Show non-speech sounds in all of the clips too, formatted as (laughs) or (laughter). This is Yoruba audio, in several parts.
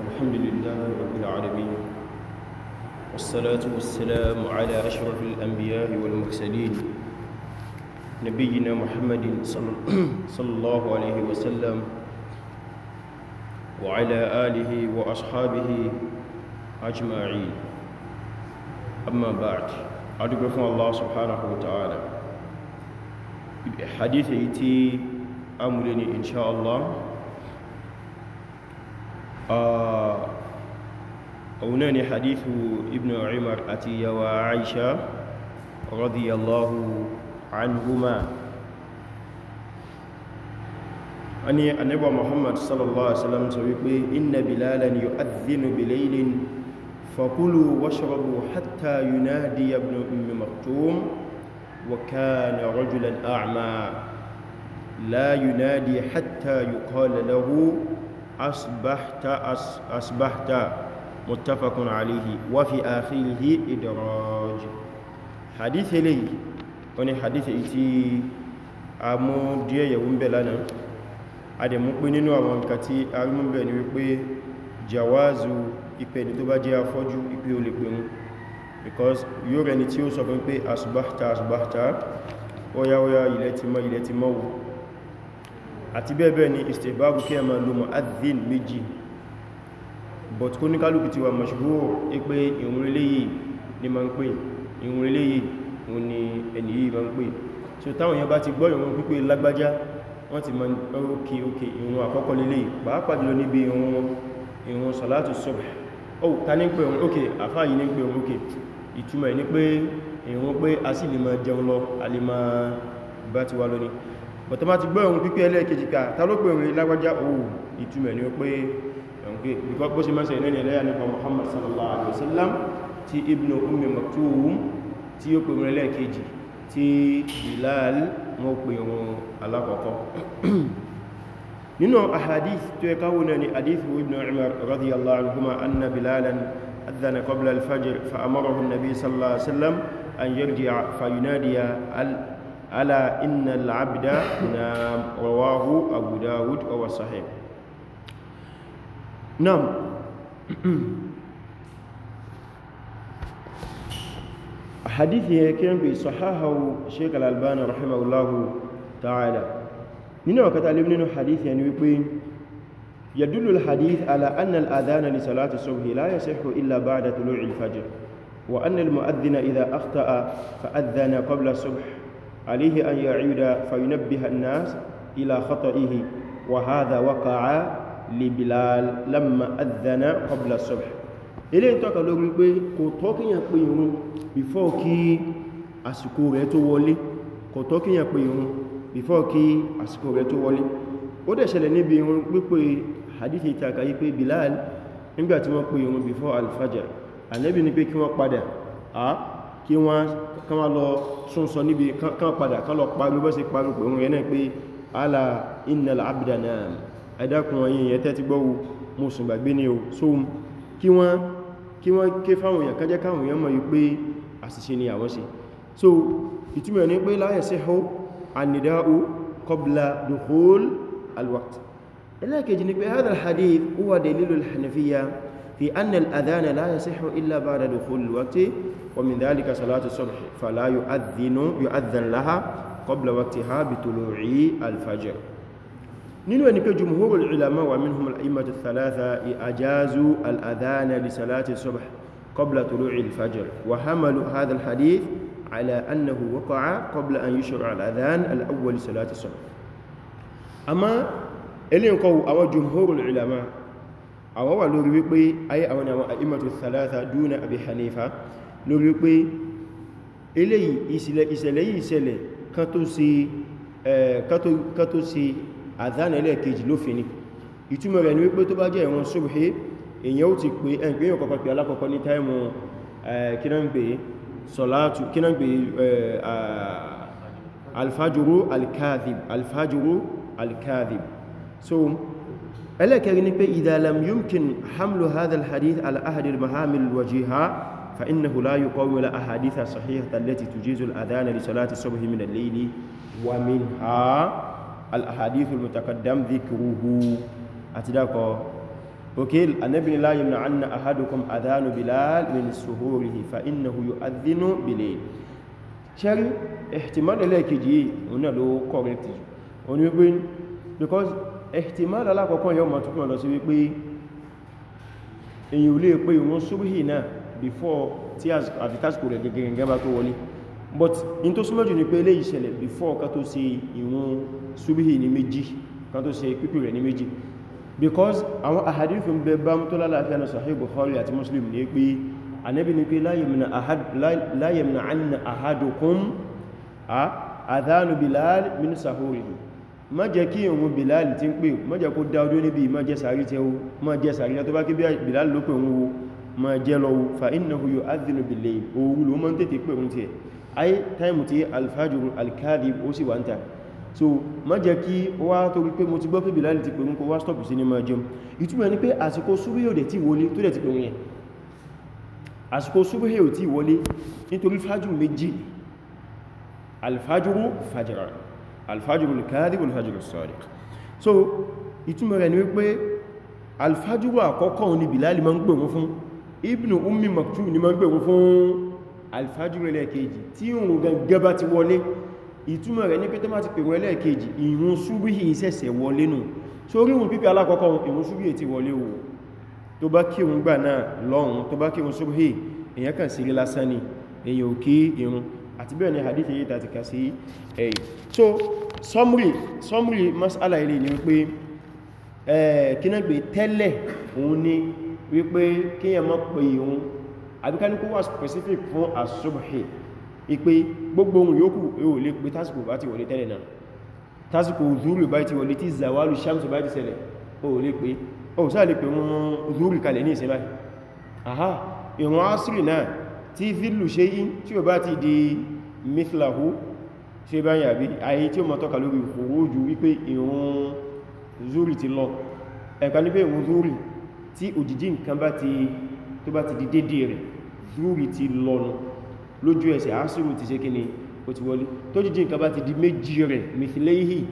الحمد لله رب العالمين والصلاة والسلام على أشرف الأنبياء والمرسلين نبينا محمد (clears throat) صلى الله عليه وسلم وعلى آله وأصحابه أجمعين أما بعد أدعوكم الله سبحانه وتعالى حديثي يتي أمرني إن شاء الله òun náà ni hadithu ibn umar àti yawa aisha radiyallahu anhuma ani annabi muhammad sallallahu alaihi wasallam sọ wípé inna bilalan yu'adhdhinu bilaylin فكلوا واشربوا حتى ينادي ابن أم مكتوم وكان رجلا أعمى لا ينادي حتى يقال له asbahta as, asbahta muttafaqun alayhi wa fi akhirihi idraj hadith eléyìí oni hadith iti amu díẹ̀ yewu nbe lana a de mú pé nínú àwọn nǹkan tí a rí jawazu ipe ni tó bá jẹ́ afọ́jú ipe o lè pè mú because yóò rẹni tí ó sọ fún pé asbahta asbahta ó yá ti mọ́ ilẹ̀ ti mọ́ wù àti bẹ́ẹ̀bẹ́ẹ̀ ni istibabu kí ẹ ma lo mu'adhdhin méjì but kó ní kálùkù ti wà mashhur pé ìrun eléyìí ni ma ń pè ìrun eléyìí ni ẹni yìí ma ń pè so táwọn yẹn bá ti gbọ́ ìrun pípé lágbájá wọ́n ti ma ń ókè ókè ìrun àkọ́kọ́ lélẹ̀ pàápàá jùlọ níbi ìrun salatu subh ó oh, ta ní pé òun ókè àfáà yìí ní pé òun ókè ìtumọ̀ ní pé a sì lè ma jẹun but ma ti gbọ́ ohun pípẹ́ ẹlẹ́ẹ̀kejì ká ta ló pè orin lágbájá ohun ìtumẹ̀ ni ó pé ẹ̀hùn bó ṣe mẹ́sẹ̀ ìrìnlẹ̀ ẹlẹ́yà nípa Muhammad sallallahu alaihi wasallam ti ibn Ummi Maktum tí ó pè orin ẹlẹ́ẹ̀kejì tí Bilal wọ́n pè wọn alákọ̀ọ́kọ́ (clears throat) nínú ahadith tó yẹ káwọ́ náà ni hadith ibn Umar ألا إن العبد نام رواه أبو داود وهو صحيح نعم حديثه كان بصححه الشيخ الألباني رحمه الله تعالى من وقت علمنا حديث يعني يقول يدل الحديث على أن الأذان لصلاة الصبح لا يصح إلا بعد طلوع الفجر وأن المؤذن إذا أخطأ فأذن قبل الصبح عليه أن يعود فينبه الناس إلى خطئه وهذا وقع لبلال لما أذن قبل الصبح ilé ìtọ́ka lórí pé kò tọ́ kíyàn pé irun before kí àsìkò rẹ̀ tó wọlé kò tọ́ kíyàn pé irun before kí àsìkò rẹ̀ tó wọlé ó dẹ̀ níbi irun pípé hadithi ìtàkà yí pé Bilal nígbàtí wọ́n pé irun before alfajr kí wọ́n kán wá lọ tún sọ níbi kán padà kán lọ parí bọ́ sí parí pé òun yẹnẹ́ pé ala innal abda naam ẹ̀dàkùn ọ̀yìn yẹn tẹ́ ti gbọ́wọ́ mo sùn gbàgbé ní o so kí wọ́n kí wọ́n ké fáwọn èèyàn kájẹ́ káwọn èèyàn mọ̀ yí pé àṣìṣe في أن الأذان لا يصح إلا بعد دخول الوقت ومن ذلك صلاة الصبح فلا يؤذن يؤذن لها قبل وقتها بطلوع الفجر نلو أن يعني جمهور العلماء ومنهم الأئمة الثلاثة أجازوا الأذان لصلاة الصبح قبل طلوع الفجر وحملوا هذا الحديث على أنه وقع قبل أن يشرع الأذان الأول لصلاة الصبح أما إلي يقول أو جمهور العلماء àwọn wà lórí wípé ayé àwọn ni àwọn àìmọ̀tò thalatha dúnà àbí hanifa lórí wípé eléyìí ìṣẹ̀lẹ̀ yìí ìṣẹ̀lẹ̀ kan tó ṣe àdánilẹ̀ kejì lófin ni ìtumọ̀ rẹ̀ ni wípé tó bá jẹ́ ìwọn ṣubhi èyàn ó ti pé so ألا كرنب إذا لم يمكن حمل هذا الحديث على أحد المهام الوجيهة فإنه لا يقوم أحاديث صحيحة التي تجيز الأذان لصلاة الصبح من الليل ومنها الأحاديث المتقدم ذكره أتدقى وكيل النبي لا أن أحدكم أذان بلال من سهوره فإنه يؤذن بليل شاري احتمال إليك جي هنا لو قرنتي ونبين because ihtimal alákọ̀ọ́kọ́ yọ ma túnmọ̀ lọ sí wípé èyí ò lè pé ìwọ̀n ṣúbìhì náà before tí àfitásíkò rẹ̀ gẹ́gẹ́gẹ́ bá tó wọlé but in tó súnmọ́ jù ní pé eléyìí before ká tó ṣe ìwọ̀n ṣúbìhì ní méjì ká tó pípì rẹ̀ ní méjì because àwọn ahadith ń bẹ bá mú tó lálàáfíà ní Sahih Bukhari àti Muslim ní pé Ànábì ní pé la yamna'anna ahadukum má jẹ́ kí òun Bilal ti ń pè má jẹ́ kó dá ọdún níbi má jẹ́ sàárì tẹ́ o má jẹ́ sàárì tó bá kí Bilal ló pè òun wo má jẹ́ lọ wo fa innahu yu'adhdhinu bil-layl òru ló mọ́ tètè pè òun tiẹ̀ ayé táìmù tí al-fajr al-kadhib ó sì wà ń ta so má jẹ́ kí wá torí pé mo ti gbọ́ pé Bilal ti pè òun kó wá stop sí ní má jẹun ìtumọ̀ ni pé àsìkò súbú yóò dẹ̀ ti wọlé tó dẹ̀ ti pè òun yẹn àsìkò súbú yóò ti wọlé nítorí fájù méjì al-fajru fajran alfajirul kadhib alfajirul sadiq so ìtumọ̀ rẹ̀ ni wípé alfajiru àkọ́kọ́ ni bilal ma ń pè wọ́n fún ibn ummi maktum ni ma ń pè wọ́n fún alfajiru ẹlẹ́ẹ̀kejì tí òun gangan bá ti wọlé ìtumọ̀ rẹ̀ ní pé tó má ti pè wọ́n ẹlẹ́ẹ̀kejì ìrun súbíhì ìṣẹ̀ṣẹ̀ wọlé nù so rí wọn pípẹ́ alákọ́kọ́ ìrun súbíhì ti wọlé o tó bá kí òun gbà náà lọ́run tó bá kí òun súbíhì èyàn kàn sí lásán ni èyàn ò kí àti bẹ́ẹ̀ ni hadith yìí tàti kà sí ẹ̀yìn so summary summary masala ilé ni wípé kínágbé tẹ́lẹ̀ òun ni wípé kíyàn mọ́ pé ìhun àbíkánikó wà specific fún asubuhi, ìpé gbogbo ohun yòókù yóò lè pé tásìkò bá ti wọlé tẹ́lẹ̀ náà tásìkò zúrù bá ti wọlé tí zawalu shamsu bá ti ṣẹlẹ̀ o lè pé o sáà lè pé wọn zúrù kalẹ̀ ní ìsinmi aha ìrun asiri tí fílù ṣe yí tí ó bá ti di mithlahu ṣe bá yàbí ayé tí ó mọ́ tọ́ka lórí òwúrújú wípé ìrun zúrì ti lọ ẹ̀kà ní pé ìrun zúrì tí òjìjí nǹkan bá ti tó bá ti di dédé rẹ̀ zúrì ti lọ́nu lójú ẹsẹ̀ asìrù ti ṣe kíni ó ti wọlé tó jìjí nǹkan bá ti di méjì rẹ̀ mithlehi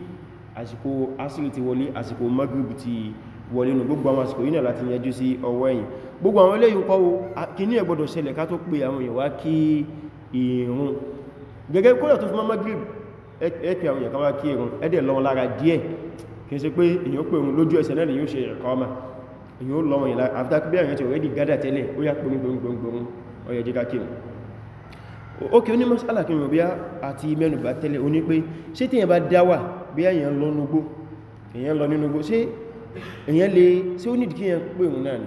àsìkò asìrù ti wọlé àsìkò magrib ti wọlé nù gbogbo àwọn àsìkò yìí náà láti yanjú sí ọwọ́ ẹ̀yìn gbogbo àwọn eléyìí kọ́ kíní ẹ̀ gbọ́dọ̀ ṣẹlẹ̀ ká tó pè àwọn èèyàn wá kí ìrun gẹ́gẹ́ kódà tó fi mọ́ magrib ẹ̀pẹ̀ àwọn èèyàn kan wá kí ìrun ẹ̀dẹ̀ lọ lára díẹ̀ kìí ṣe pé èèyàn pè òun lójú ẹsẹ̀ náà lè yóò ṣe ẹ̀kọ́ ọmọ èèyàn lọ wọn ìlà after bí àwọn èèyàn ti gádà tẹ́lẹ̀ ó yá pẹ̀lú gbogbogbòrún ọyẹ jíká kí ìrun ókè ó nínú gbó ṣé èèyàn lè ṣé ó nídìí kí èèyàn pè òun náà ni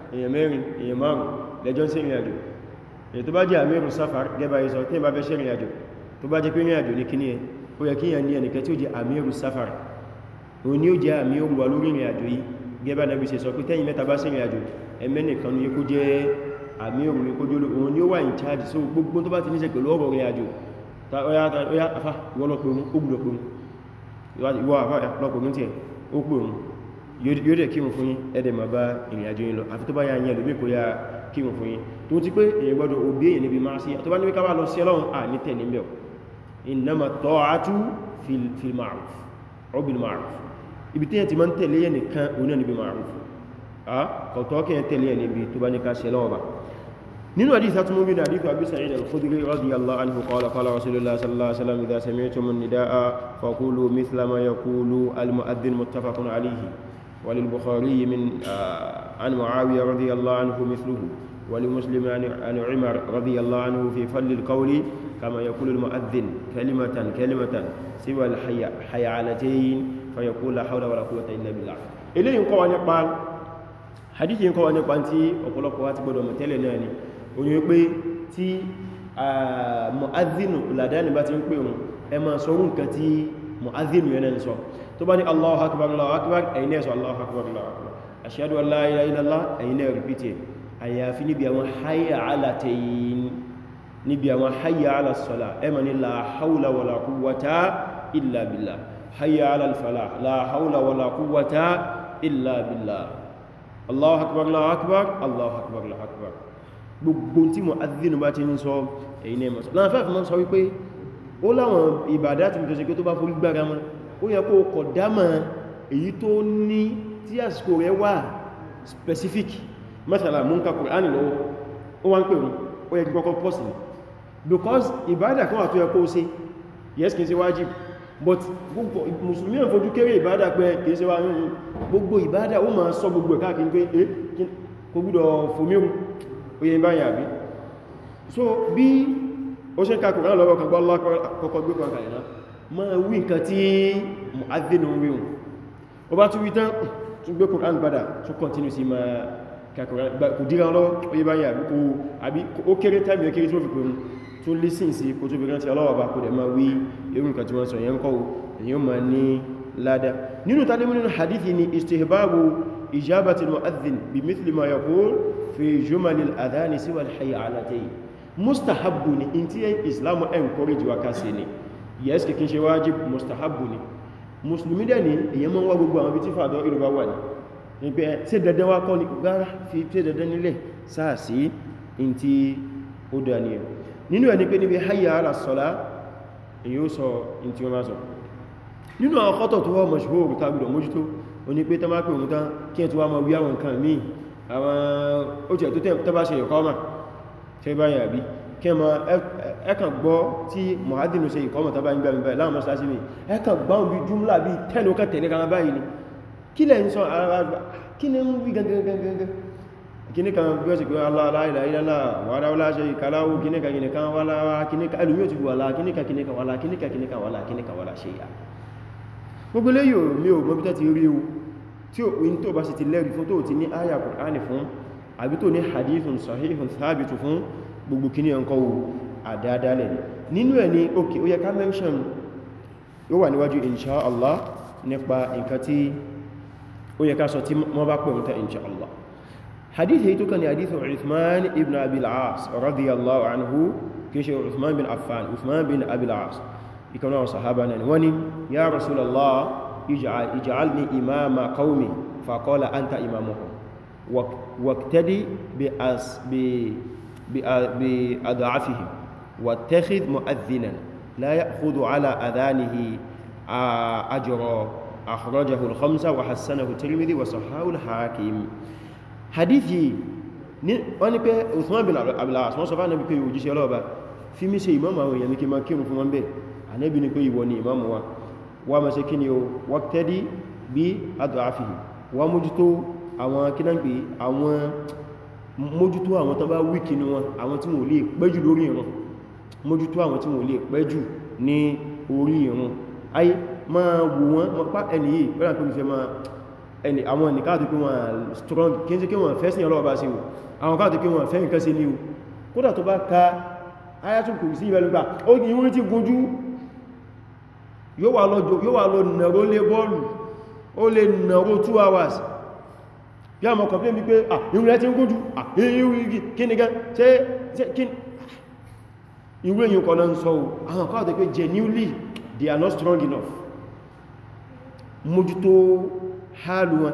èyàn mẹ́rin èyàn márùn lẹ́jọ́ sí ìrìn àjò èyàn tó bá jẹ́ àmì ìrùsáfàr gẹ́bà ìsọ tí ìbá fẹ́ ṣe ìrìn àjò tó bá jẹ́ pé ìrìn àjò ní kíní ẹ ó yẹ kí èyàn ní ẹnìkẹ́ tí ó jẹ́ àmì ìrùsáfàr òun ni ó jẹ́ àmì olùwà lórí ìrìn àjò yìí gẹ́bà nàbí ṣe sọ pé tẹ́yìn mẹ́ta bá sí ìrìn àjò ẹmẹ́nìkan ni kó jẹ́ àmì òun wà in yóò dẹ̀ kírun fún yín ẹ̀dẹ̀ ma bá ìrìnàjò yìí lọ àfi tó bá yà yẹn lómi kò yá kírun fún yín tó ti pé èyàn gbọ́dọ̀ òbí èyàn níbi máa sí tó bá níbi káwà lọ sí ọlọ́run à ní tẹ̀lé mẹ́ innama ta'atu fil ma'ruf aw bil ma'ruf ibi tí yẹn ti máa ń tẹ̀lé yẹn nìkan oní a kọ̀tọ́ kí yẹn tẹ̀lé yẹn níbi tó bá ní ká sẹ́lọ́ ọba nínú àdìs àti mú bínú àdìs àbí sa'id al-khudri radiyallahu anhu qala rasulullah sallallahu alaihi wasallam idha sami'tum an-nidaa faqulu mithla ma yaqulu al-mu'adhdhin muttafaqun وللبخاري من آه، عن معاوية رضي الله عنه مثله ولمسلم عن عمر رضي الله عنه في فل القول كما يقول المؤذن كلمة كلمة سوى الحيعلتين فيقول لا حول ولا قوة إلا بالله إليه يقوى نقبال حديث يقوى نقبال تي أقول لك واتي بدو متلي ناني ونقبي تي آه، مؤذن لا داني باتي يقبي ẹ máa sọ orú nǹkan tí mọ̀ázínú yẹn náà sọ tó bá ní Allahu akbar Allahu akbar ẹ̀yìn ẹ̀sọ Allahu akbar Allahu akbar ashhadu an la ilaha illallah ẹ̀yìn ẹ̀ rìpítì àyàfi níbi àwọn hayya ala tayin níbi àwọn hayya ala salah ẹ ma ní la hawla wala quwwata illa billah hayya ala al-falah la hawla wala quwwata illa billah Allahu akbar Allahu akbar Allahu akbar Allahu akbar gbogbo tí mo adínú bá ti ń sọ ẹ̀yìn ẹ̀ mọ̀ sọ láàfẹ́ fún mọ́ sọ wípé ó láwọn ìbàdá tí mo tọ́ṣe pé tó bá forí gbára mọ́ ó yẹ kó kọ̀dámà èyí tó ní tí àsìkò rẹ̀ wà specific mẹ́sàlá mú ń ka Kùránì lọ́wọ́ ó wá ń pè rún ó yẹ kíkọ́kọ́ pọ́sì ní because ìbádà kan wà tó yẹ kó ṣe yes kìí ṣe wájib but musulmi ń fojú kéré ìbádà pé kìí ṣe wájib gbogbo ìbádà ó máa sọ gbogbo ẹ̀ká kí n pé eh kò gbúdọ̀ fòmíhùn ó yẹ báyìí àbí so bí ó ṣe ń ka Kùránì lọ́wọ́ kan ma wí nǹkan tí mu'adhdhin ń wíhun ó bá tún wí tán tún gbé Qur'an padà tún continue sí ma kò díra lọ́wọ́ oyé bá yà àbí ó kéré tàbí ó kéré tí ó fi pẹ̀rún tún lísìn sí kò tó fi rántí ọlọ́wọ́ bá kò dẹ̀ ma wí irú nǹkan tí wọ́n sọ yẹn kọ́ èyí ó ma ní ládá nínú tàbí nínú yes kìí ṣe wájib mustahabu ni musulmi dẹ̀ ni èyàn mọ́ wá gbogbo àwọn ibi tí fàdọ́ ìrọ̀bá wà ní ìpẹ́ sí eh, dandan wá kọ́ ní gbára fi tí dandan nílẹ̀ sáàsí in tí ó dá ní ẹ̀ nínú ẹni pé níbi hayya ala sọ́lá èyí ó sọ in tí wọ́n máa sọ nínú àwọn kọ́tọ̀ tó wọ́n mọ̀ṣùgbọ́ tàbílọ̀ mójútó o ní pé tán máa pè òun tán kí ẹ̀ tó wá máa wí àwọn nǹkan míì àwọn ó tẹ̀ tó tẹ́ bá ṣe ẹ̀kọ́ mà tẹ́ kẹma ẹkàn gbọ́ tí mọ̀hádìnú ṣe ìkọ́mọ̀ tàbí ìgbà ìgbà láàmù sáṣí mi ẹkàn gbáhùn bí jùmlà bí tẹ́lú kẹtẹ̀ ní kan báyìí ni kí lẹ́ ń sọ ara kí lẹ́ ń wí gangangangangan kí ní bí ó gbogbo kí ní ọkọ̀ wù àdádálẹ̀ nínú ẹ̀ ni ok ó yẹ ká mention ó wà níwájú inṣáàlá nípa nǹkan tí ó yẹ ká sọ tí wọ́n bá pẹ̀ òǹtà inṣáàlá hadith yìí tó kàn ní hadith Uthman ibn Abil As radiyallahu anhu kìí ṣe Uthman bin Affan Uthman bin Abil As àwọn sahaba náà wọ́n ya Rasulallah ij'alni imama qaumi faqala anta imamuhum waqtadi bi as bi بأضعفهم واتخذ مؤذنا لا يأخذ على أذانه أجرا أخرجه الخمسة وحسنه الترمذي وصححه الحاكم حديثي wọ́n ni pé Uthman bin abdullahi wọ́n sọ fún ànábì pé òjíṣẹ́ ọlọ́ọ̀bá fi mí ṣe ìmáàmù àwọn èèyàn ní kí ma kírun fún wọn bẹ́ ànábì ni pé ìwọ ni ìmáàmù wa wà mọ́ sí kí ni o waqtadi bi ad'afihi mójútó àwọn tó bá wíkì ní wọn àwọn tí wọ́n lè pẹ́jù lórí ìrun mójútó àwọn tí wọ́n lè pẹ́jù ní orí ìrun ayé ma wò wọ́n ma pá ẹni yìí pẹ́lá tó fẹ́ ma ẹni àwọn nìkáàtù pé wọ́n strong kí ó lè nàró 2 hours yá mọ̀ kọ̀plé wípé ìwé tí ń gúnjú ìwé e, igi kí ni gan ṣe kí ìwé yìí kọ̀ náà ń sọ àwọn kọ́ àti pé genuinely they are not strong enough mójútó hálù wọn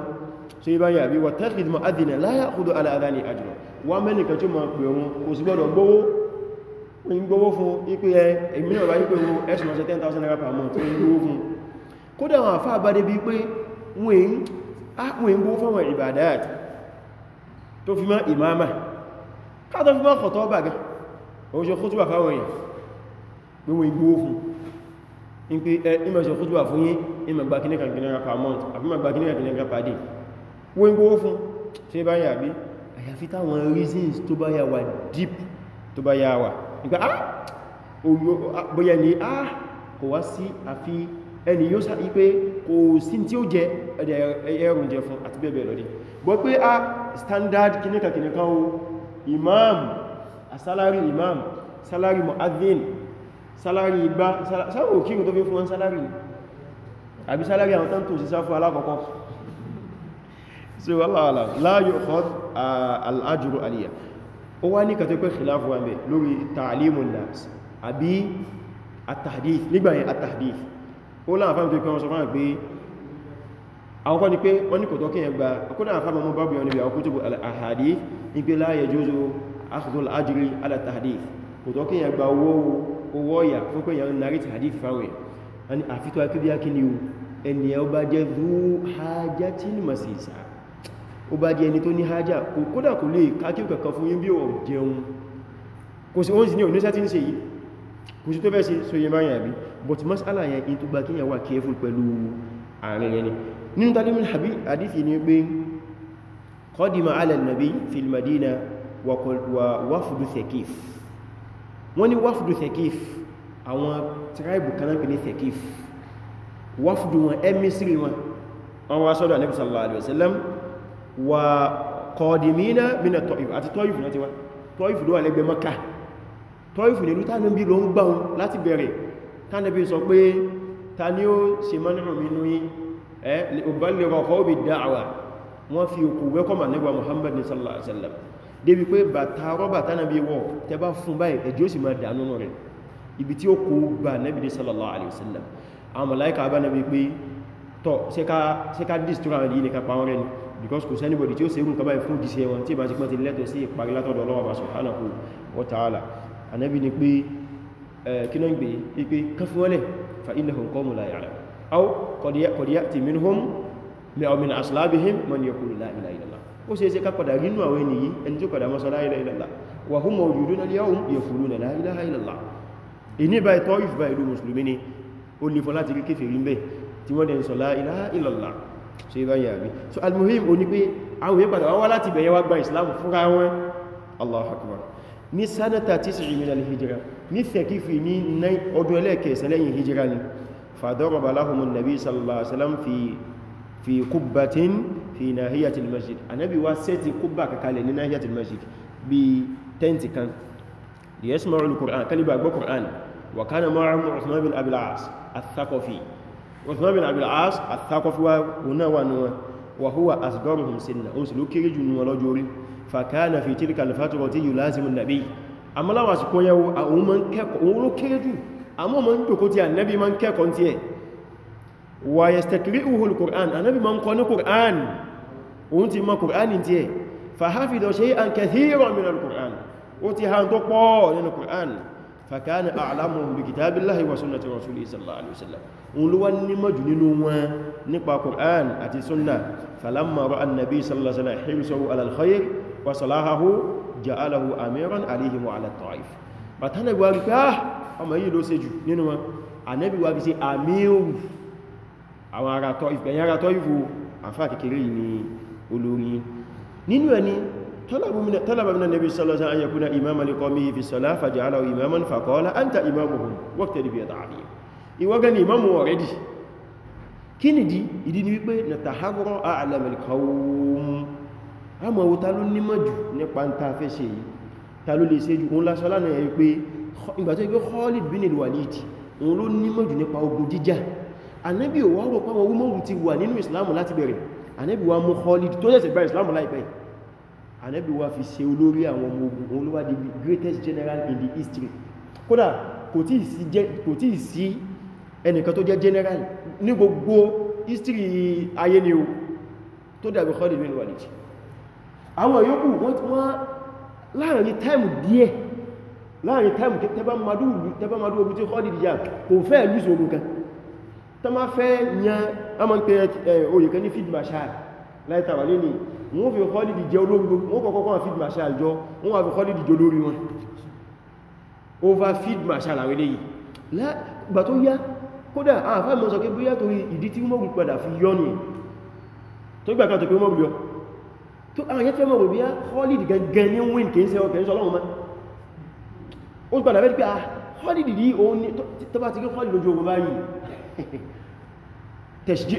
ṣe ibá yà bí wà tẹ́kìdì mọ̀ adìnà láyá kúdó aláàdá ní àjọ wà mẹ́nìkan tí ma pè wọn kò sí gbọ́dọ̀ gbówó ń ápùn ìbú fáwọn ìbàdáàt tó fi mọ́ ìmáàmà káàtọ̀ fi mọ́ ọ̀tọ̀ bàgá oúnjẹ kútùbà fáwọn èèyàn gbíwọ ìgbó fún in pé ìmọ̀ṣẹ̀ kútùbà fún yí ìmọ̀gbà kìnnìkan kìnnìkan per month àbí ìmọ̀gbà kìnnìkan kìnnìkan reasons tó bá yà deep tó bá yà wà nígbà ah, ah bóyá ni ah kò wá sí àfi ẹni yóò sá kò sí tí ó jẹ ẹ̀rùn jẹ fún àti bẹ́ẹ̀bẹ́ẹ̀ lọ́dí gbọ́ pé a standard kìníkà kìníkà o imam a salary imam salary mu'adhin salary igba sáwọn òkírùn tó fi fún wọn salary àbí salary àwọn tán tó sí sáfún alákọ̀ọ́kọ́ so wàláwàlá la yu'khadh al-ajru aliyah ó wá ní kàtẹ́ pé khilafu wà mẹ́ lórí ta'limun nas àbí at àwọn kọ́ ni pé wọ́n ní kò tọ́kí yẹn gba ọkúnlẹ̀ àfàmà mọ́ bábí ọ̀nà ibi àwọn kútùbù al ní pé la yajuzu akhdhul ajri ala tahdith kò tọ́kí yẹn gba owó ọ̀yà fún pé yẹn narí tahdith fáwẹ̀ ẹni àfitọ́ akíbí akíní o ẹni ẹ bá jẹ́ zu hajatin masisa ó bá jẹ́ ẹni tó ní hajá kò kódà kò lè kákí kankan fún yín bí ò sí tó fẹ́ sí so yẹ báyìí àbí but masala yẹn in tó gba kíyàn wà careful pẹ̀lú àárín yẹn ni nínú tàbí hadithi ni pé qadima ala an-nabi fil madina wa wafdu thaqif wọ́n ni wafdu thaqif àwọn tribe kanáà ní thaqif wafdu wọn emissary wọn wọ́n wá sọ́dọ̀ Ànábì sallallahu alaihi wasallam wa qadimina min at-Ta'if àti Ta'if náà ti wá Ta'if ló wà lẹ́gbẹ̀ Makkah Ta'if ní lútà ní bí lọ ń gbáhun láti ubaligha qawmi da'wa wọ́n fi òkú wẹ́kọ̀mà nígbà Muhammad ní sallallahu alaihi wasallam débi pé bàtà rọ́bà tánàbí wọ́ tẹ bá fún báyìí ẹ̀jẹ́ ó sì máa dànú rẹ̀ ibi tí ó kó gbà nẹ́bí ní sallallahu alaihi wasallam kí náà ń gbé pé káfíwọ́lẹ̀ fa innahum qawmun la ya'lamun أو قد يأتي منهم أو من أصلابهم من يقول لا إله إلا الله وسيسي كقد أغنوا ويني أنتو قد مسألة لا إله إلا الله وهم موجودون اليوم يقولون لا إله إلا الله إن باي طائف باي دو مسلمين أولي فلا تلك كفرين به تيمون إن لا إله إلا الله سيبا يابي سو المهم أولي بي أو يبقى أولا تبين وابا إسلام فراوة الله أكبر ní sanata 9 min al-hijra ní fẹ́kífì ní ọdún ẹlẹ́kẹ̀ẹ́sẹ̀ lẹ́yìn hijira ni فضرب لهم النبي صلى الله عليه وسلم في في قبة في ناهية المسجد النبي واسيتي قبة كالي لناهية المسجد بتنت كان ليسمع القرآن كان يبقى القرآن وكان معهم عثمان بن أبي العاص الثقفي عثمان بن أبي العاص الثقفي هنا ونوى وهو أصغرهم سنة أمسلوا كرجوا ولجوري فكان في تلك الفترة يلازم النبي أما لا واسكوا يو أو من كيف أولو كرجوا amma mun ń tí annabi man ke kon tí ẹ̀ wà yẹ̀stẹ̀kiri alquran annabi man ma ń kọ́ ní Qur'an òun ti ma Qur'an tí ẹ̀ fa ṣe shay'an kathiran min alquran quran ó ti ha tó pọ̀ alquran Qur'an kana a'lamu bi kitabillahi wa sunnati rasulih sallallahu alaihi wasallam un lu wan ní mọ̀jù nínú wọn pa Qur'an àti sunna falamma ra'a annabi nabi sallallahu alaihi wasallam hirsahu ala alkhair wa salahahu ja'alahu amiran alaihim wa ala taif bàtánà gbáríká ọmọ yìí ló ṣe jù nínú wọn ànábì wá fi ṣe àmírù àwọn ara tọ́ ìfẹ̀yìn ara tọ́ ìfò àfà kékeré ni olórí nínú ẹni tọ́lábà mìíràn nabi sallallahu alaihi wasallam yakuna imaman li qawmihi fi salah faja'alahu imaman faqala anta imamuhum waqtadi bi ta'ati ìwọ́gẹ́ ni imamu already kí ni di ìdí ni wípé natahawara a'lamul qawm a mọ̀ wo ta ló nímọ̀ jù nípa ìgbàtí pé Khalid bin al-Walid òun ló nímọ̀ jù nípa ogun jíjà Ànábì ò wá rò pé àwọn Umaru ti wà nínú Islam láti bẹ̀rẹ̀ Ànábì wá mú Khalid tó ṣẹ̀ṣẹ̀ bá Islam láìpẹ́ Ànábì wá fi ṣe olórí àwọn ọmọ ogun òun ló wá di greatest general in the history kódà kò tí sí ẹnìkan tó jẹ́ general ní gbogbo history ayé ni o tó dàbí Khalid bin al-Walid àwọn yòókù wọ́n láàrin time díẹ̀ láàrin táìmù tẹ́bá madú ogun tí kọ́dì ìyá kò fẹ́ lùsù ogun kan tó má fẹ́ yan amọ́n pé oyè kan ní field marshal láìtàwà lé ní wọ́n fi kọ́dì ìjẹ́ ológun wọ́n kọ́kọ́ kọ́ field marshal jọ wọ́n wà fi kọ́dì ìjẹ́ olórí wọn over field marshal àwọn eléyìí gbà tó yá kódà àfáà mọ́ sọ pé bóyá torí ìdí tí mọ́gùn padà fi yọ́ ni tó gbà kan tó pé mọ́gùn yọ tó àwọn yẹ́ fẹ́ mọ́gùn bí i kọ́lìdì gangan ní win kìí sẹ́wọ́ kìí sọ́lọ́run mọ́ ó gbọ́nà bẹ́ẹ̀ pé ah holiday yìí òun ni tó bá ti kí holiday lójú ogun báyìí (laughs) tẹ̀ṣíjì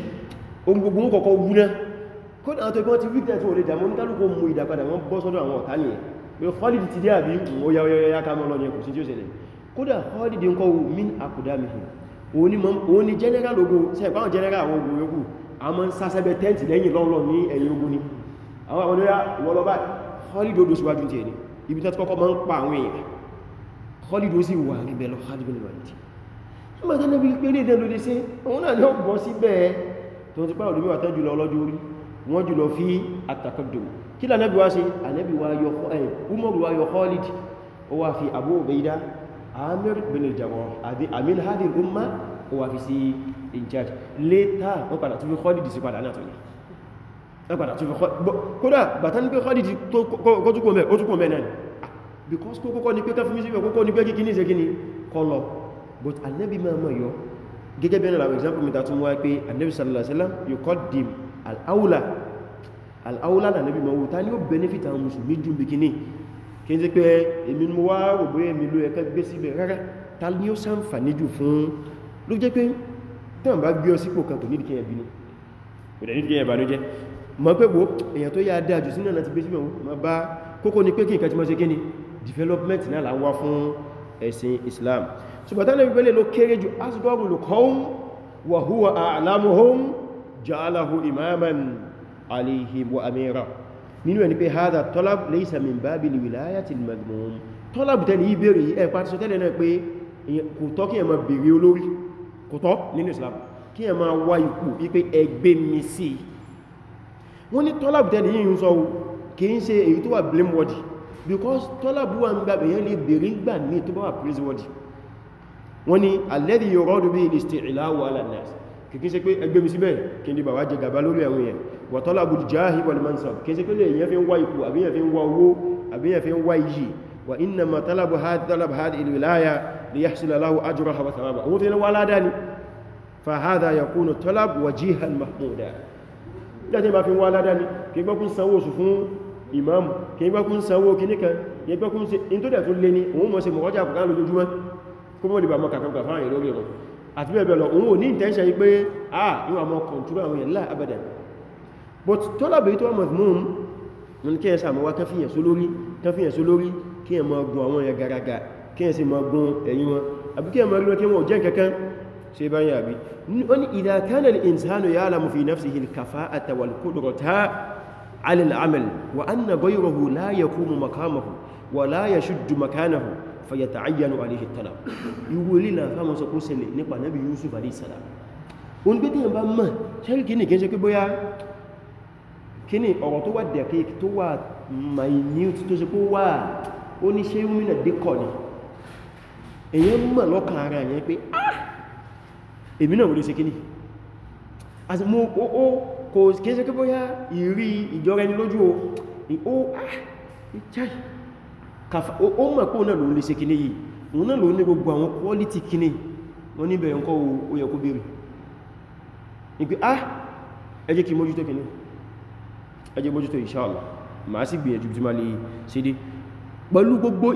ohun gbogbo wọn kọ̀kọ́ wúná kó náà tó gbọ́n ti wíkẹ̀ tó lè dàmú nítàlùkù mú ìdàpadà wọn bọ́ sọ́dọ̀ àwọn ọ̀tá nìyẹn pé holiday ti dé àbí ó yá yá ká mọ́ lọ ní ẹkùn sí tí ó ṣẹlẹ̀ kódà holiday ń kọ́ ni general ogun ṣe ìpáwọn general àwọn ogun yòókù a mọ́ ń sásẹ́bẹ̀ tẹ́ǹtì lẹ́yìn lọ́wọ́ ní ẹ̀yìn ogun ni àwọn àwọn olóyà wọ́lọ́bá holiday odò síwájú kọ́kọ́ mọ́ ń pa àwọn èèyàn Khalid ó sì wà níbẹ̀ lọ Khalid bin Walid nígbà tí níbi pé ní ìdẹ́lú lè ṣe òun náà yóò bọ́ sí bẹ́ẹ̀ tó ti pàwọ̀ lómi àtẹ́jù lọ ọlọ́jọ́ orí wọ́n jùlọ fi àtàkọ́dọ̀ kí lànàbí wá ṣe ànàbí wá yọ eh, Umaru wá yọ Khalid ó wá fi Abu Ubaida Amir bin al-Jarrah àbí amir hadin umma ó wá fi sí in charge later wọ́n because Koko kọ́kọ́ ni pé káfí mísí kọ́kọ́ ni pé kí kíní ìsẹ́kíní kọlọ̀ but annabi ma mọ̀ yọ gẹ́gẹ́ bẹ́ẹ̀ láwọn example mi tàtún wáyé pé annabi sallallahu alaihi wasallam Dim, al Aula, al Aula, na annabi ma wù ta ni ó benefit àwọn musulmi jù bí kíní kí n ti pé èmi mo wá òbó èmi ló ẹ̀kẹ́ gbé síbẹ̀ rárá ta ni ó sàǹfàní jù fún ló jẹ́ pé tán bá gbé ọ sípò kan kò nídìí kẹyẹ bínú kò dẹ̀ nídìí kẹyẹ bànújẹ́ mọ̀ pé wo èèyàn tó yá dáa jù sínú ọ̀nà ti gbé síbẹ̀ wọn bá kókó ni pé kí nǹkan ti mọ́ ṣe kí development náà là ń wá fún ẹ̀sìn Islam ṣùgbọ́n náà wípé lè ló kéré jù asgọ́rù lukhom wa huwa a'lamuhum ja'alahu imaman alayhim wa amira nínú ẹni pé hadha talab laysa min babil wilayati al-madhmum talab tẹ́lẹ̀ yí bèèrè yí ẹ̀pá tí sọ tẹ́lẹ̀ náà pé kò tọ́ Islam kí ẹ máa wá ipò wípé ẹgbẹ́ mi sí wọ́n ní talab tẹ́lẹ̀ yí sọ kì ṣe èyí tó wà blameworthy because tọ́lábù wa ń gbà bẹ̀yẹ́ lè bèèrè gbà ní tó bá wà praiseworthy wọ́n ni alẹ́dì yọ̀rọ̀dù bí ilẹ̀ ìlàwọ̀ alanas kìkín ṣe pé ẹgbẹ́ mi síbẹ̀ kí ní bàwá jẹ gàbá lórí àwọn èèyàn wà tọ́lábù jáhì wal ìmáàmù kí ní gbẹ́kún sanwó kí níkan ní gbẹ́kún sí in tó dẹ̀ tún lé ní òun mọ́ sí mọ̀kọ́já kùkán lójoojúmọ́ kó mọ́ lè bà mọ́ kàkàkà fáwọn lórí ọ̀rọ̀ àti bẹ́ẹ̀ bẹ́ẹ̀ lọ òun ò ní intention yí pé ah yíwa but tọ́lábẹ̀ tó wọ́n mú mú kí ẹ sàmọ́ wá káfíyàn só lórí káfíyàn só lórí kí ẹ mọ́ gun àwọn èèyàn garaga kí ẹ sì mọ́ gun ẹ̀yìn wọn àbí kí ẹ mọ́ rí wọn على العمل وأن غيره لا يقوم مقامه ولا يشج مكانه فيتعين عليه الطلب يقول لنا فهم سقوس نبا نبي يوسف عليه السلام ونبدي أن بأمه شهل كيني كيني شكي بويا كيني أغطى واد دقيق توا مينيوت تشكو واد وني شيء من الدقوني إيه ما لو كان رأيي بي آه إيه مينا ولي سكيني أز مو أو أو kò kéèsè kí bóyá ìrí ìjọra ẹni lójú o ah, ó mọ̀ pé náà lòun lè ṣe kìíní yìí òun náà lòun ní gbogbo àwọn quality kìíní wọn níbẹ̀ ǹkọ́ ó yẹ kó bèèrè ìgbé ah ẹ jẹ́ kí mójútó kìíní ẹ jẹ́ mójútó inshallah màá sì gbìyànjú tí ma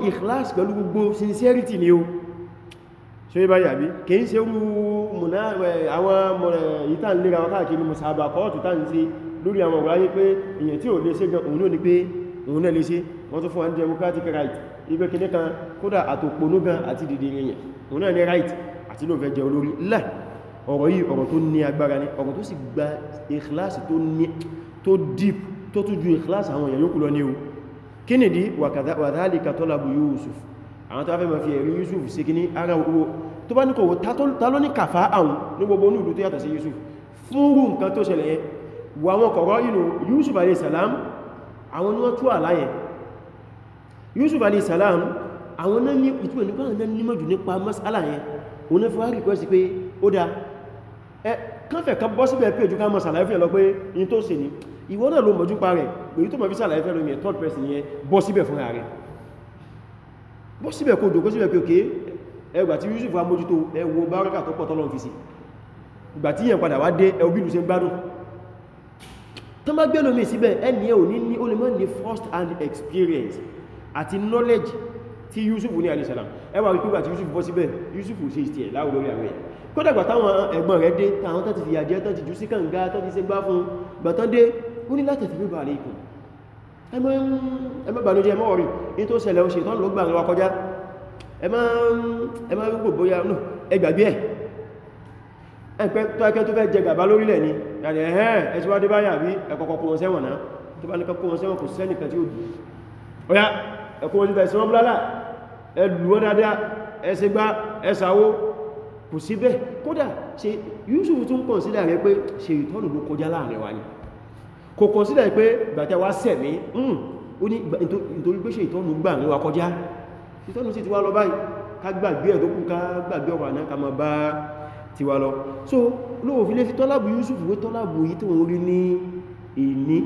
ikhlas pẹ̀lú gbogbo sincerity ni ṣe bá yàbí kì í ṣe rú àwọn ìtànlera wọn káàkiri musaba kọ́ọ̀tù tàn sí lórí àwọn ọ̀gbáyé pé èyàn tí ò lè ṣe gan òun ní pé òun náà lè ṣe wọ́n tó fún wọn democratic right ibẹ́ kìnnì kan kódà àtòpónú gan àti right àti ló fẹ́ jẹ olórí lá ọ̀rọ̀ yìí ọ̀rọ̀ ni ọ̀rọ̀ tó sì gba ìkìláàsì tó ní deep tó tún ju ìkìláàsì àwọn èèyàn yókù lọ ní o kí nìdí wàdhálíkà tọ́lábù àwọn tó fẹ́ ma fi ẹ̀rí Yusuf sí kí ní ara owó tó bá ní kò tálọ́ ní kàfà àwọn ní gbogbo ní ìlú tó yàtọ̀ sí Yusuf fúnrù nǹkan tó ṣẹlẹ̀ yẹn wà wọn kọ̀rọ̀ inú Yusuf alayhi salam àwọn ni wọ́n tú àláyẹ̀ Yusuf alayhi salam àwọn náà ní ìtumọ̀ nípa àwọn náà nímọ̀ jù nípa masala yẹn òun náà fi wá rìkwẹ́sì pé ó dá ẹ kánfẹ̀ kan bọ́ síbẹ̀ pé ìjúká mọ̀ sàlàyé fẹ́ lọ pé in tó ṣe ni ìwọ náà ló mọ̀jú pa rẹ̀ pẹ̀lú tó mọ̀ fi sàlàyé fẹ́ lómi ẹ̀ third person yẹn bọ́ síbẹ̀ fúnra rẹ̀ bọ́ síbẹ̀ kó dòkó síbẹ̀ pé òkè ẹgbà tí Yusuf amójútó ẹwọ báraka tó pọ̀ tọ́lọ́n fi sí ìgbà tí yẹn padà wá dé ẹwọ bínú ṣe ń gbádùn tó má gbé lómi síbẹ̀ ẹni ẹ ò ní ní olè mọ́ ní first hand experience àti knowledge tí Yusuf ní alisalam ẹwà wípé ìgbà tí Yusuf bọ́ síbẹ̀ Yusuf ò ṣe ìsì ẹ̀ láwùrọ̀ rí àwẹ̀ kódà gbà táwọn ẹ̀gbọ́n rẹ̀ dé táwọn tó ti fìyà jẹ tó ti jù sí kànga tó ti ṣe gbá fún gbà tán dé ó ní látẹ̀ fi bíbà àlékún ẹmọ́bànújẹ́ mọ́ rí ní tó ṣẹlẹ̀ oṣè tán ló gbà àwọn akọjá ẹmọ́ gbogbo bóyá náà ẹgbàgbé ẹ̀ ẹgbẹ́ tó ẹgbẹ́ tó fẹ́ jẹ gàbá lórílẹ̀ ni ẹ̀hẹ́n ẹ̀ṣíwádé báyà bí ẹ̀kọ̀kọ̀ kò wọ́n sẹ́wọ̀n náà tó bá ní kọ́ wọ́n sẹ́wọ̀n kò sẹ́nìkan tí ó dù ọ̀yá ẹ̀kọ́ wọ́n ti bẹ̀ẹ̀ sọ́wọ́n búlálà ẹlù wọ́n dáadáa ẹsẹ gbá ẹsàwó kò síbẹ̀ kódà ṣe Yúsùfù tún kọ̀nsídà rẹ pé ṣe ìtọ́nù ló kọjá láàrin kò consider pé gbàtẹ́ wá sẹ̀mí hmm, ó ní nítorí pé ṣe ìtọ́nù gbà ní wa kọjá ìtọ́nù sí ti wá lọ báyìí ká gbàgbé ẹ̀ tó kú ká gbàgbé ọ̀rọ̀ àná ká máa bá ti wá lọ so lóòfin lè fi tọ́lábù Yusuf wé tọ́lábù yìí tí wọ́n rí ní ìní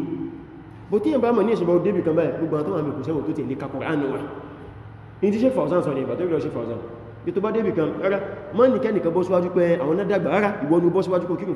bó tí ìbámọ̀ ní ìṣẹ̀bọ̀ débì kan báyìí gbogbo àtọ́wà mi kò sẹ́wọ̀n tó tẹ̀lé kakọ̀ ánúwà in ti ṣe fọ̀ọ̀sán sọ ní ìbà tó rí lọ ṣe fọ̀ọ̀sán ètò bá débì kan rárá mọ́ nìkẹ́ nìkan bọ́ síwájú pé àwọn náà dàgbà rárá ìwọ́nu bọ́ síwájú kò kírùn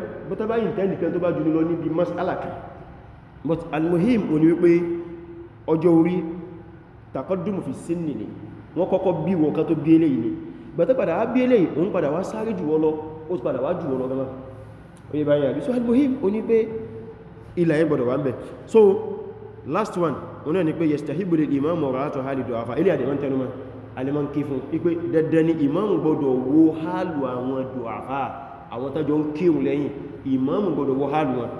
bó tọ́bá ìntẹ́ndì kan tó bá jù lọ níbi mas'ala kan but al-muhim o ni wípé ọjọ́ orí takọ́dùmù fi sínì ni wọ́n kọ́kọ́ bí wọ́n kan tó bí eléyìí ni gbẹ̀tẹ́ padà wá bí eléyìí òun padà wá sáré jù wọ́lọ́ ó padà wá jù wọ́lọ́ gẹ́mà oye báyìí àbí so last one òun náà ni pé yastahibu lil imam ra'atu hali du'afa ilé àdìmọ́ tẹnumọ́ alẹ́mọ́ kí fún ipé dandan ni imam gbọ́dọ̀ àwọn tọ́jọ ń kírun lẹ́yìn ìmáàmù gbọdọ̀ wọ hálù wọn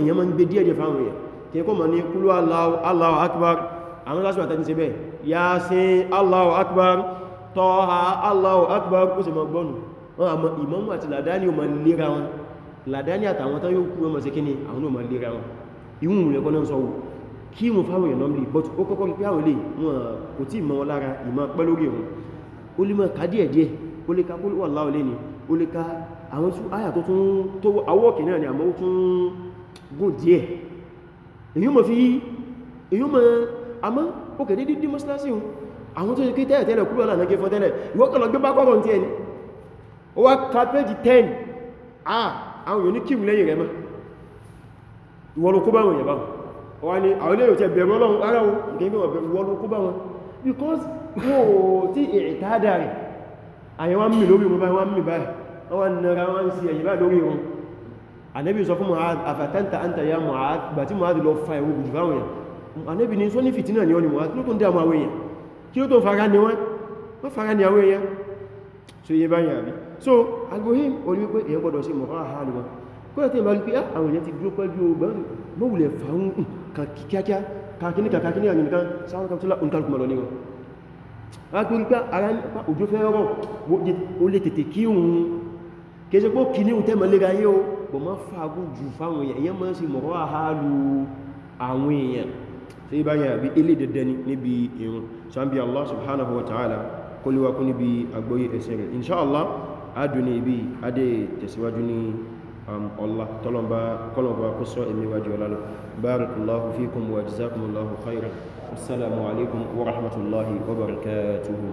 èyàn ma ń gbé díẹ̀ díẹ̀ fáwọn èèyàn tí ẹkọ́ ma ní kúlú Allahu akbar àwọn lásìwà tẹ́ni sí Ya Yasin Allahu akbar Taha Allahu akbar ó sì ma gbọ́nù ìmáàmù àti làdáni ó ma lera wọn làdáni àtàwọn tán yóò kú ọmọ sí kíni àwọn ó ma lera wọn ìwọ̀n rẹ̀ kọ́ náà but ó kọ́kọ́ rí pé àwọn ilé wọn kò tí mọ́ wọn lára ìmọ̀ pẹ́ lórí wọn ó lè mọ̀ ká díẹ̀díẹ̀ ó lè ká kúlú wà láwọlé ni ó lè ká àwọn tún àyà tó tún tó awọ́kì náà ni àmọ́ ó tún gùn díẹ̀ èyí mọ̀ fi èyí mọ̀ àmọ́ ó kẹ̀ dédé mọ́sílásí hun àwọn tó kí tẹ́ẹ̀ tẹ́lẹ̀ kúrò lánàá gé fún tẹ́lẹ̀ ìwọ́kànlọ gbé bá kọ́rọ̀ tí ẹni ó wá ka péjì 10 ah àwọn yóò ní kí mú lẹ́yìn rẹ̀ mọ́ ìwọ́lùkú bá wọn yẹ̀bá wọn ni àwọn ilé ìròtẹ̀ bẹ̀rẹ̀ ọlọ́run ara wọn ìgbẹ̀mí wọn bẹ̀rẹ̀ ìwọ́lùkú bá wọn because wọ́n tí ìrìtádà rẹ̀ àyẹ̀wọ́n mì lórí wọn báyìí wọ́n mì báyìí wọ́n nara wọ́n sí ẹ̀yìn bá lórí wọn anẹ́bí sọ fún Mu'adh àfàtàntà àntà ya Mu'adh gbà ní sọ́ní fìtínà ni wọ́n ni Mu'adh kí ló tó ń dámà àwọn èèyàn kí ló so yé báyìí àbí so algohim o ní wípé èèyàn gbọ́dọ̀ sí mọ̀fá àhálù wọn kọ́lá tí ìbá wípé ah, àwọn èèyàn ti dúró pẹ́jú ogbọ́n mọ́wùlẹ̀ fàún mm, kàkíkíákíá kàkíní kàkíní àmì nìkan sáwọn kése pó kìíní tẹ́ mọ̀ léra yíò bọ̀ mọ́ fagún jù fáwọn èèyàn yẹn mọ́ sí mọ̀rọ̀ àhálù àwọn èèyàn tí bá yà bí ilé dandan níbi irun sàbí Allah subhanahu wa ta'ala kó lè wakún níbi agbóyé ẹsẹ̀ rẹ̀ inṣáàlá adùn ní ibi adé tẹ̀síwájú ní Allah tọ́lọ̀mbá kọlọ̀mbá kó sọ èmi wájú ọlálọ́ barakallahu fikum wa jazakumullahu khairan assalamu alaikum wa rahmatullahi wa barakatuhu